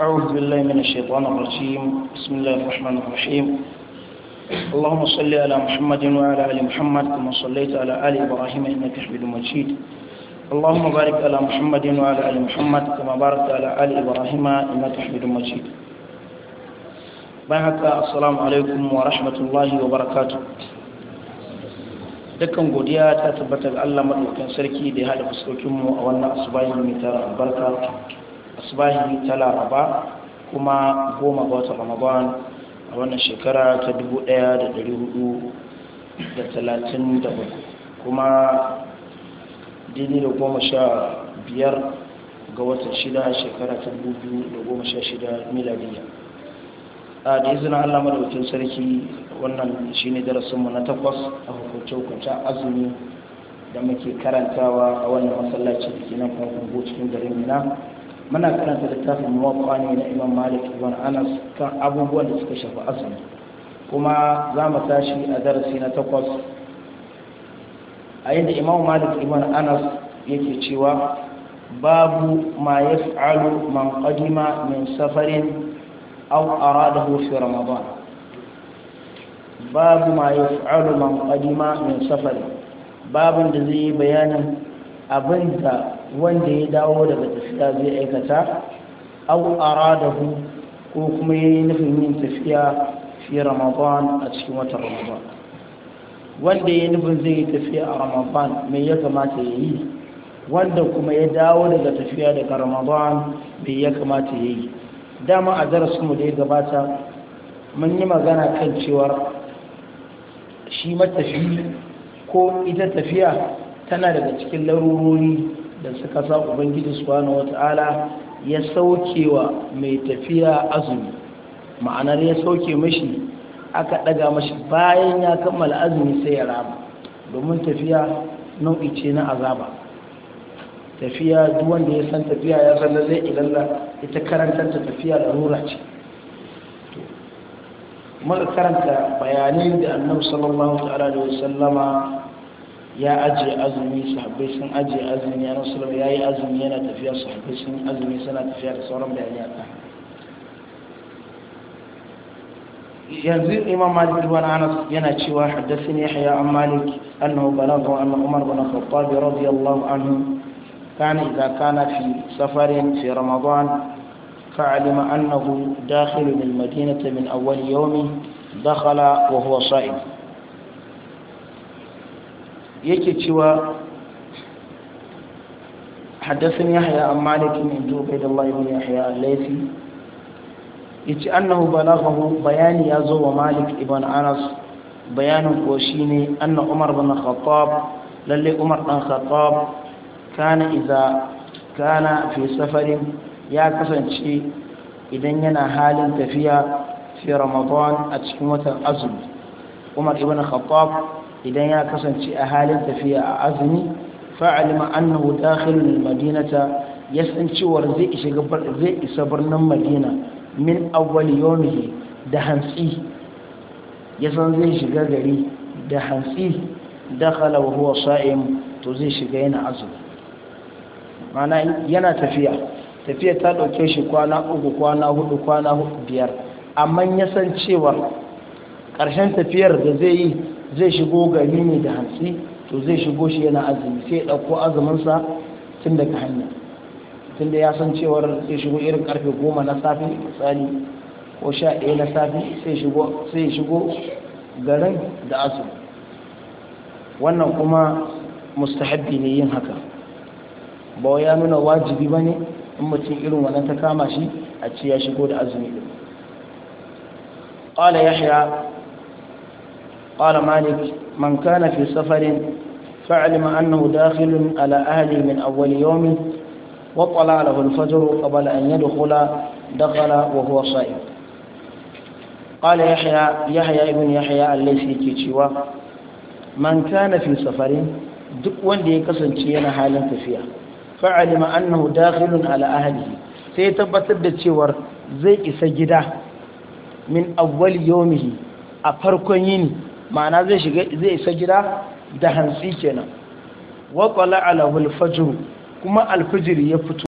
أعوذ بالله من الشيطان الرجيم بسم الله الرحمن الرحيم اللهم صل على محمد وعلى آل محمد كما صليت على آل إبراهيم إنك حميد مجيد اللهم بارك على محمد وعلى آل محمد كما باركت على آل إبراهيم إنك حميد مجيد بارك السلام عليكم ورحمة الله وبركاته dukkan godiya ta tabbata ga Allah madaukakin sarki da ya hada fuskokinmu a wannan asubahi mai tara albarka asibahi ta laraba kuma goma ga wata ramadan a wannan shekara ta 1437 kuma dini da goma sha biyar ga watan shida shekara ta 2016 miladiya a da allama allah wakil sarki wannan shi shine darasinmu na takwas a hukunce-hukuncen azumi da muke karantawa a wannan masallaci da ke nan kwakwungo cikin garin mina muna karanta littafin mawaƙa ne na imam malik ibn anas kan abubuwan da suka shafi asali, kuma za mu tashi a darasi na takwas a yadda imam malik ibn anas yake cewa babu ma fi'alu man qadima min safarin aw aradahu fi ramadan babu ma ya fi'alu man qadima min safarin babin da zai yi bayanin abin da wanda ya dawo daga tafiya zai aikata au aradahu ko kuma ya yi nufin yin tafiya fi ramadan a cikin wata ramadan wanda ya yi nufin zai yi tafiya a ramadan mai ya kamata ya yi wanda kuma ya dawo daga tafiya daga ramadan mai ya kamata ya yi dama a mu da ya gabata mun yi magana kan cewar shi matafi ko ita tafiya tana daga cikin larurori da suka sa ubangiji subhanahu wata'ala ya saukewa mai tafiya azumi ma'anar ya sauke mashi aka daga mashi bayan ya kammala azumi sai ya raba. domin tafiya nau'i ce na azaba tafiya duk wanda ya san tafiya ya san da zai ilalla ita karantar ta tafiya larura ce muka karanta bayanai da annabi sallallahu alaihi wasallama يا أجي أزمي صحبي سن أجي أزمي أنا سلم يا أزمي أنا تفيا صحبي سن أزمي سنة تفيا صورم بعياتها ينزل إمام مالك بن أنس ينأتي وحدثني يحيى أم مالك أنه بلغه أن عمر بن الخطاب رضي الله عنه كان إذا كان في سفر في رمضان فعلم أنه داخل من المدينة من أول يوم دخل وهو صائم yake cewa حدثني يحيى عن مالك بن عبيد الله بن يحيى الليثي yace annahu balaghahu bayani ya zo wa malik ibn anas bayanin ko shine anna umar bin khattab lalle umar dan khattab kana idza kana fi safarin ya kasance idan yana halin tafiya fi ramadan a cikin watan azumi umar ibn idan ya kasance a halin tafiya a azumi fa'alima annahu dakhilul madinata ya san cewar zai gabar zai isa birnin madina min awwal yawmihi da hansi ya san zai shiga gari da hansi dakhala wa huwa sa'im to zai shiga yana azumi mana yana tafiya tafiya ta dauke shi kwana uku kwana hudu kwana hudu biyar amma ya san cewar ƙarshen tafiyar da zai yi zai shigo gari ne da hantsi to zai shigo shi yana azumi sai ya ɗauko azuminsa tun daga hanya tun da ya san cewar zai shigo irin karfe goma na safi misali ko sha ɗaya na safi sai shigo shigo garin da azumi wannan kuma mustahabbi ne yin haka ba ya nuna wajibi ba ne in mutum irin wannan ta kama shi a ce ya shigo da azumi قال يحيى قال مالك من كان في سفر فعلم أنه داخل على أهله من أول يومه وطلع له الفجر قبل أن يدخل دخل وهو صائم قال يحيى يحيى ابن يحيى الليثي كيتشوا من كان في سفر duk wanda ya kasance yana halin tafiya fa'alima annahu dakhilun ala ahlihi sai ya tabbatar da cewar zai isa gida min awwal yawmihi a farkon yini ma'ana zai shiga zai isa gida da hantsi kenan wa qala ala kuma alfijir ya fito